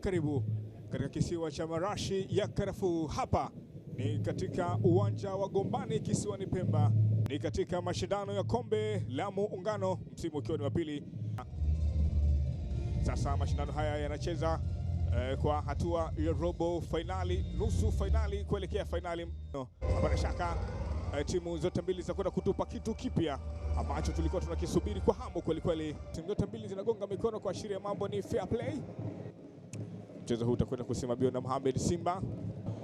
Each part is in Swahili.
Karibu katika kisiwa cha marashi ya karafuu. Hapa ni katika uwanja wa Gombani kisiwani Pemba, ni katika mashindano ya kombe la Muungano, msimu ukiwa ni wa pili sasa. Mashindano haya yanacheza eh, kwa hatua ya robo fainali, nusu fainali kuelekea fainali. No, shaka eh, timu zote mbili zinakwenda kutupa kitu kipya ambacho tulikuwa tunakisubiri kwa hamu kwelikweli. Timu zote mbili zinagonga mikono kuashiria mambo ni fair play. Mchezo huu utakwenda kusimamiwa na Mohamed Simba.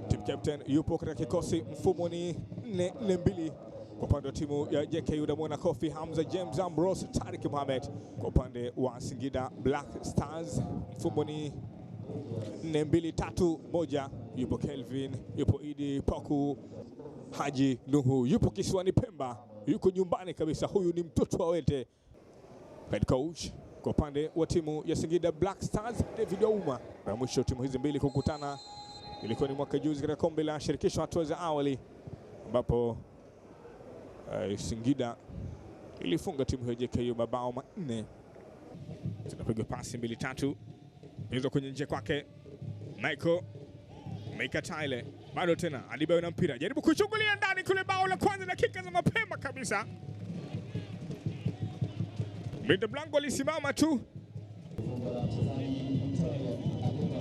Team captain yupo katika kikosi, mfumo ni 4-4-2 kwa upande wa timu ya JK unamwona Kofi Hamza, James Ambrose, Tariq Mohamed. Kwa upande wa Singida Black Stars mfumo ni 4231 yupo Kelvin, yupo Idi Paku, Haji Nuhu, yupo kisiwani Pemba, yuko nyumbani kabisa. Huyu ni mtoto wa Wete, head coach kwa upande wa timu ya Singida Black Stars, David Ouma. Mara mwisho timu hizi mbili kukutana ilikuwa ni mwaka juzi katika kombe la shirikisho hatua za awali, ambapo uh, Singida ilifunga timu hiyo JKU mabao manne. Zinapigwa pasi mbili tatu, mpizwa kwenye nje kwake Michael Maika Taile bado tena Adibayo na mpira jaribu kuchungulia ndani kule, bao la kwanza dakika za mapema kabisa. Linda Blanco alisimama tu.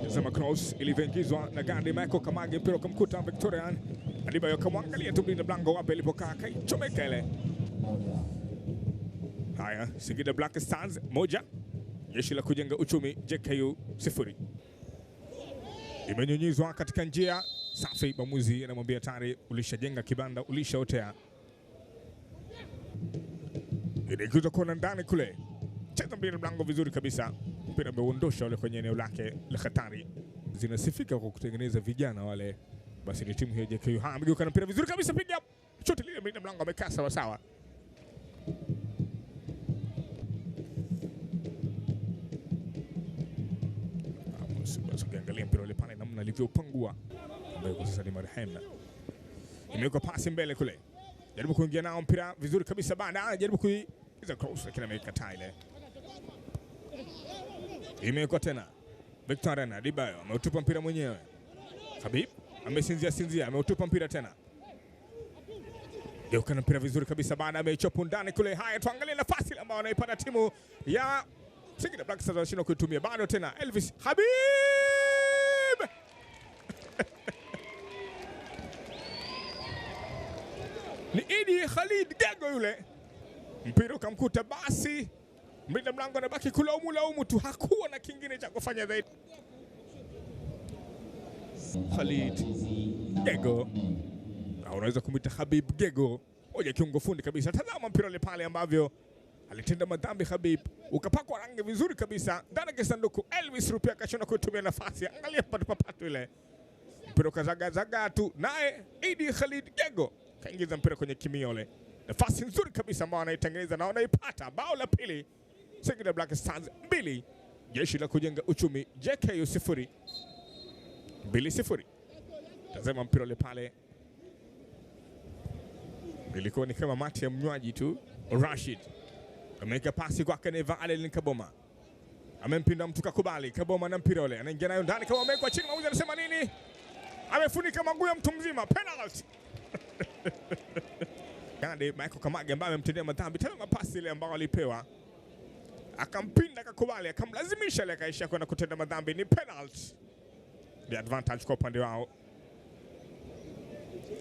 zama cross ilivyoingizwa na Gadi Michael Kamage, mpira ukamkuta Victorian Adibayo, akamwangalia tu Linda Blanco wapi alipokaa, akaichomeka ile. Haya, Singida Black Stars moja, jeshi la kujenga uchumi JKU sifuri. Imenyunyizwa katika njia safi, mwamuzi anamwambia tayari, ulishajenga kibanda, ulishaotea inaikuta kona ndani kule, cheza mpira mlango vizuri kabisa, mpira ameuondosha ule kwenye eneo lake la hatari. Zinasifika kwa kutengeneza vijana wale, basi ni timu hiyo JKU. Ha, amegeuka na mpira vizuri kabisa, piga shoti lile, mlinda mlango amekaa sawa sawa. Ukiangalia mpira ule pale, namna alivyopangua kwa sasa ni marehemu, imewekwa pasi mbele kule jaribu kuingia nao mpira vizuri kabisa, baada anajaribu kuiza cross, lakini amekataa ile. Imewekwa tena Victor Arena, Adebayo ameutupa mpira mwenyewe. Habib amesinzia sinzia, ameutupa mpira tena, geuka na mpira vizuri kabisa, baada ameichopo ndani kule. Haya, tuangalie nafasi ambayo anaipata timu ya Singida Black Stars, wanashindwa kuitumia bado. Tena Elvis Habib ni Idi Khalid Gego yule, mpira ukamkuta, basi mlinda mlango anabaki kulaumu laumu tu, hakuwa na kingine cha kufanya zaidi. Khalid Gego unaweza kumwita Habib Gego, moja kiungo fundi kabisa. Tazama mpira ile pale ambavyo alitenda madhambi Habib, ukapakwa rangi vizuri kabisa ndani ya sanduku. Elvis Rupia akashona kutumia nafasi, angalia patupapatu ile mpira ukazagazaga tu, naye Idi Khalid Gego kaingiza mpira kwenye kimiole, nafasi nzuri kabisa ambayo anaitengeneza na wanaipata bao la pili. Singida Black Stars mbili, jeshi la kujenga uchumi JKU sifuri, mbili sifuri. Tazama mpira ule pale, ilikuwa ni kama mati ya mnywaji tu. Rashid ameweka pasi kwake Neva Alelin Kaboma, amempinda mtu kakubali, Kaboma na mpira ule anaingia nayo ndani, kama amewekwa chini. mauzi anasema nini? Amefunika maguu ya mtu mzima, penalty. Gandhi Michael Kamage ambaye amemtendea madhambi. Tazama pasi ile ambayo alipewa, akampinda, akakubali, akamlazimisha ile, akaishia kwenda kutenda madhambi. Ni penalty, the advantage kwa upande wao.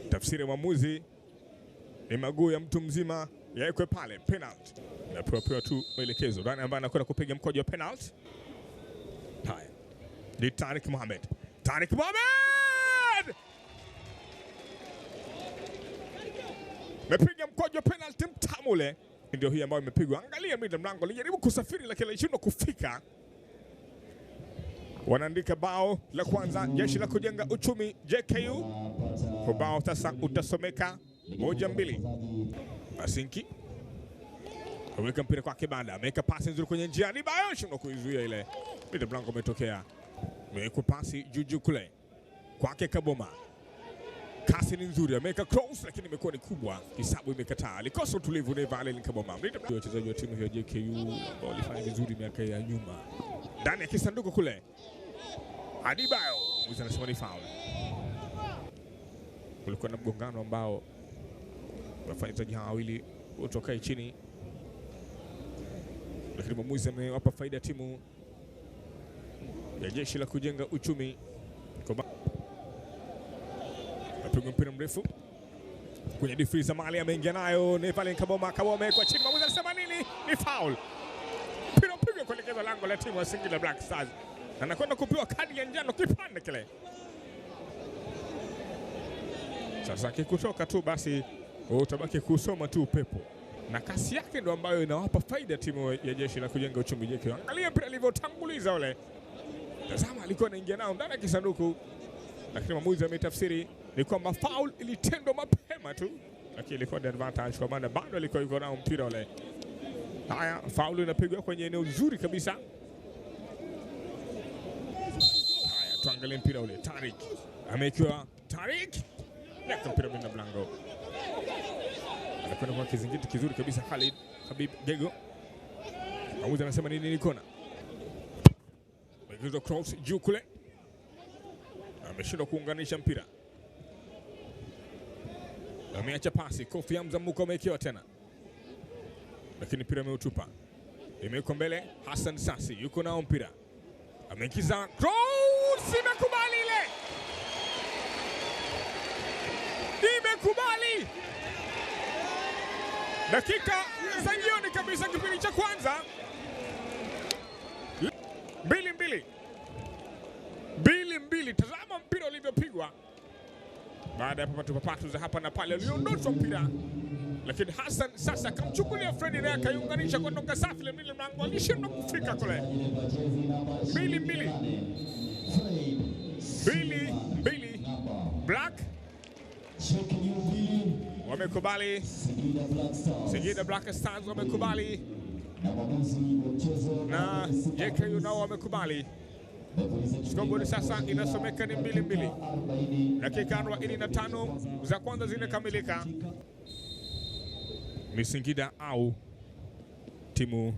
Tafsiri ya mwamuzi ni maguu ya mtu mzima yawekwe pale, penalty. Napewa pewa tu maelekezo ndani, ambaye anakwenda kupiga mkojo wa penalty. Haya, ni Tariq Mohamed, Tariq Mohamed mepiga mkojo penalti mtamu ule, ndio hii ambayo imepigwa. Angalia mida mlango lijaribu kusafiri lakini alishindwa kufika. Wanaandika bao la kwanza, jeshi la kujenga uchumi JKU. Ubao sasa utasomeka moja mbili. Masinki aweka mpira kwa Kibanda, ameweka pasi nzuri kwenye njia, ni bao, shindwa kuizuia ile. Mida mlango umetokea, mewekwa pasi juju kule kwake Kaboma kasi ni nzuri, ameweka cross lakini imekuwa ni kubwa, hisabu imekataa, alikosa utulivu. Neva Allen Kaboma, wachezaji wa timu ya JKU ambao walifanya vizuri miaka ya nyuma, ndani ya kisanduku kule. Adibayo mwizi anasema ni faul. Kulikuwa na mgongano ambao wafanyaji hawa wawili wote wakae chini, lakini mwamuzi amewapa faida timu ya jeshi la kujenga uchumi kwa Pigwa mpira mrefu kwenye difuiza mali ameingia nayo Nevalen Kaboma. Kaboma amewekwa chini, mwamuzi alisema nini? Ni foul. Mpira upigwa kuelekeza lango la timu ya Singida Black Stars, anakwenda kupewa kadi ya njano kipande kile. Sasa kikutoka tu basi, utabaki kusoma tu upepo na kasi yake ndo ambayo inawapa faida timu ya jeshi la kujenga uchumi JKU. Angalia mpira alivyotanguliza ule, tazama, alikuwa anaingia nao ndani ya kisanduku, lakini mwamuzi ametafsiri ni kwamba foul ilitendwa mapema tu, lakini ilikuwa ni advantage kwa maana bado alikuwa yuko nao mpira ule. Haya, faulu inapigwa kwenye eneo zuri kabisa. Haya, tuangalie mpira ule. Tarik amekiwa Tarik neka mpira mlinda mlango anakwenda kwa kizingiti kizuri kabisa. Khalid Habib Gego amuzi anasema nini? Ni kona Cross juu kule, ameshindwa kuunganisha mpira ameacha pasi, Kofi Hamza Muko amewekewa tena, lakini mpira ameutupa, imewekwa mbele. Hassan Sasi yuko nao mpira, ameingiza cross, imekubali ile, imekubali. Dakika za jioni kabisa, kipindi cha kwanza mbili mbili mbili mbili. Tazama mpira ulivyopigwa. Baada ya papatupapatu za hapa na pale, aliondoshwa mpira, lakini Hassan sasa akamchukulia Fredi naye akaiunganisha kutoka safi ile mbili, mlango alishindwa kufika kule. Mbili mbili mbili mbili, Black wamekubali, Singida Black Stars wamekubali na JKU nao wamekubali. Skogoli sasa inasomeka ni mbili mbili, dakika arobaini na tano za kwanza zimekamilika. Ni Singida au timu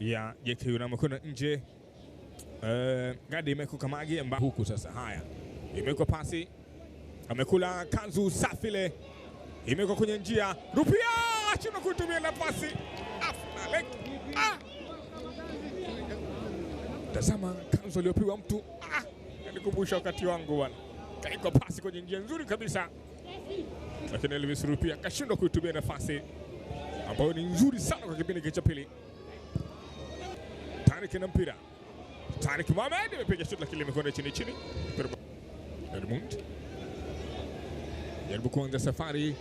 ya JKU na mkono nje e, eh, Gadi imeko Kamagi mba huku sasa. Haya, imeko pasi, amekula kanzu safile, imeko kwenye njia, Rupia chuma kutumia nafasi afnalek ah! Tazama kanzo aliyopewa mtu ah, nikumbusha wakati wangu bwana. kaiko pasi kwenye njia nzuri kabisa, lakini Elvis Rupi akashindwa kuitumia nafasi ambayo ni nzuri sana kwa kipindi cha pili. Tarik na mpira, Tarik Mohamed amepiga shot lakini limekwenda chini chini. Edmund jaribu kuanza safari,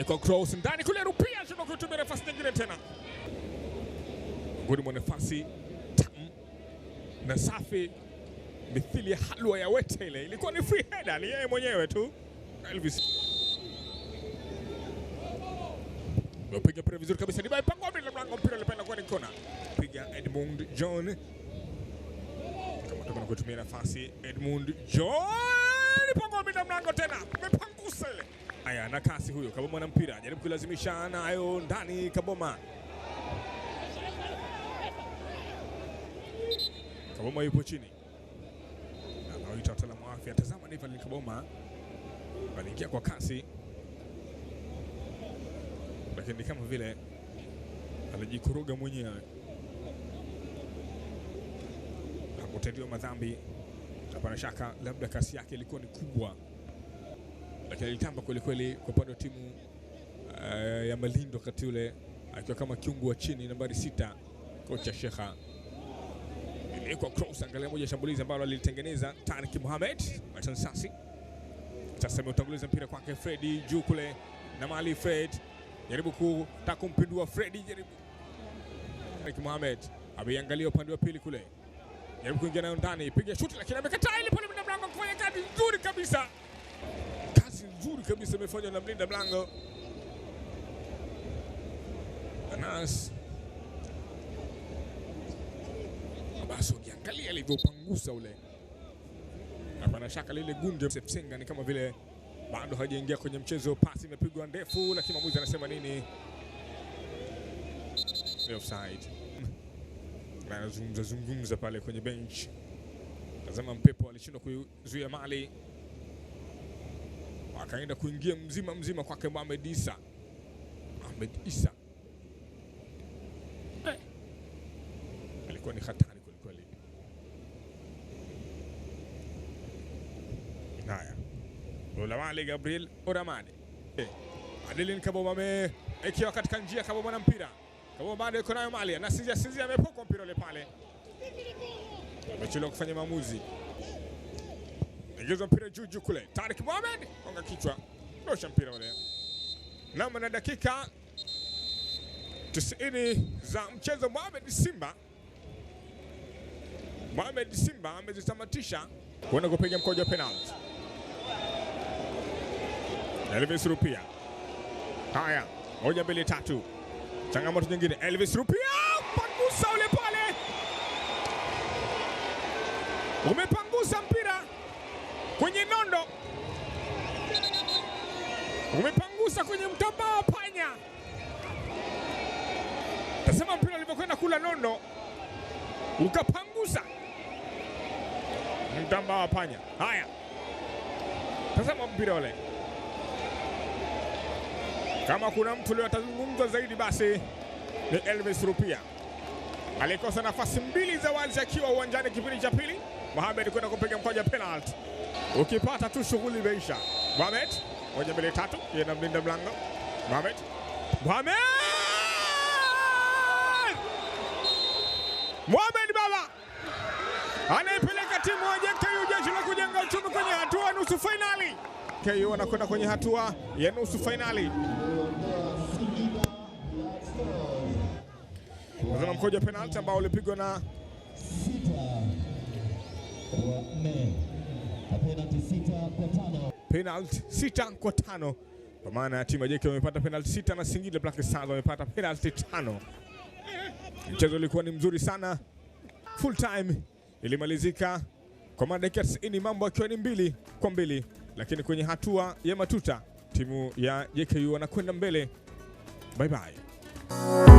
iko cross ndani kule, Rupia shindwa kuitumia nafasi nyingine tena, ngoni mwa nafasi na safi mithili ya halwa ya wete. Ile ilikuwa ni free header, ni yeye mwenyewe tu Elvis Lopiga mpira vizuri kabisa, mlango mpira ulipenda kwa kona, piga Edmund John kama kutumia nafasi Edmund John pangomida mlango tena, mepangusa ile. Aya, na kasi huyo Kaboma na mpira, jaribu kulazimisha ayo ndani Kaboma Kaboma yupo chini, anaoita wataalamu wa afya. Tazama ni Evelyn Kaboma aliingia kwa kasi, lakini kama vile alijikuruga mwenyewe, hakutendiwa madhambi. Hapana shaka, labda kasi yake ilikuwa ni kubwa, lakini alitamba kwelikweli kwa upande wa timu uh, ya Malindo wakati ule akiwa kama kiungo wa chini nambari sita, kocha Shekha iko cross, angalia moja shambulizi ambalo alilitengeneza Tariq Mohamed Martin Sassi. Sasa ameutanguliza mpira kwake Fredi juu kule na mali Fred jaribu kutaka kumpindua Fredi, jaribu Tariq Mohamed ameiangalia upande wa pili kule, jaribu kuingia nayo ndani, piga shuti lakini amekataa, ile pale mlinda mlango kufanya kazi nzuri kabisa, kazi nzuri kabisa imefanywa na mlinda mlango Anas Mombasa, ukiangalia alivyopangusa ule, na shaka lile gunde Senga ni kama vile bado hajaingia kwenye mchezo. Pasi imepigwa ndefu, lakini mwamuzi anasema nini? Offside. anazungumza zungumza pale kwenye bench, tazama Mpepo alishindwa kuzuia mali akaenda kuingia mzima mzima kwake Mohamed Isa. Mohamed Isa eh, alikuwa ni hatari. Lola Male, Gabriel Olamale. Eh, Adeline Kaboma me ikiwa katika njia Kaboma na mpira. Kaboma bado yuko nayo Male na Sinzia Sinzia amepokwa mpira ile pale. Amechelewa kufanya maamuzi. Ingiza mpira juu juu kule. Tariq Mohamed konga kichwa. Dosha mpira ule. Namba na dakika 90 za mchezo Mohamed Simba. Mohamed Simba amezitamatisha kwenda kupiga mkojo penalty. Elvis Rupia. Haya, moja mbili tatu, changamoto nyingine. Elvis Rupia pangusa ule pale, umepangusa mpira kwenye nondo, umepangusa kwenye mtambaa panya. Tasema mpira ulivyokwenda kula nondo, ukapangusa mtambaa panya. Haya, tasema mpira ule kama kuna mtu leo atazungumza zaidi, basi ni Elvis Rupia. Alikosa nafasi mbili za wazi akiwa uwanjani kipindi cha pili. Mohamed kwenda kupiga mkwaju penalty, ukipata tu shughuli imeisha. Mohamed moja mbili tatu, yeye anamlinda mlango. Mohamed Mohamed Mohamed baba anaipeleka timu ya Jeshi la Kujenga Uchumi kwenye hatua nusu fainali. KU wanakwenda kwenye hatua ya nusu fainali. Tazama mkoja penalti ambao ulipigwa na penalti sita kwa tano kwa maana ya timu ya JK wamepata penalti sita na Singida Black Stars wamepata penalti tano. Mchezo ulikuwa ni mzuri sana, full time ilimalizika kwa madakika 90, mambo akiwa ni mbili kwa mbili lakini kwenye hatua ya matuta timu ya JKU wanakwenda mbele. Bye bye.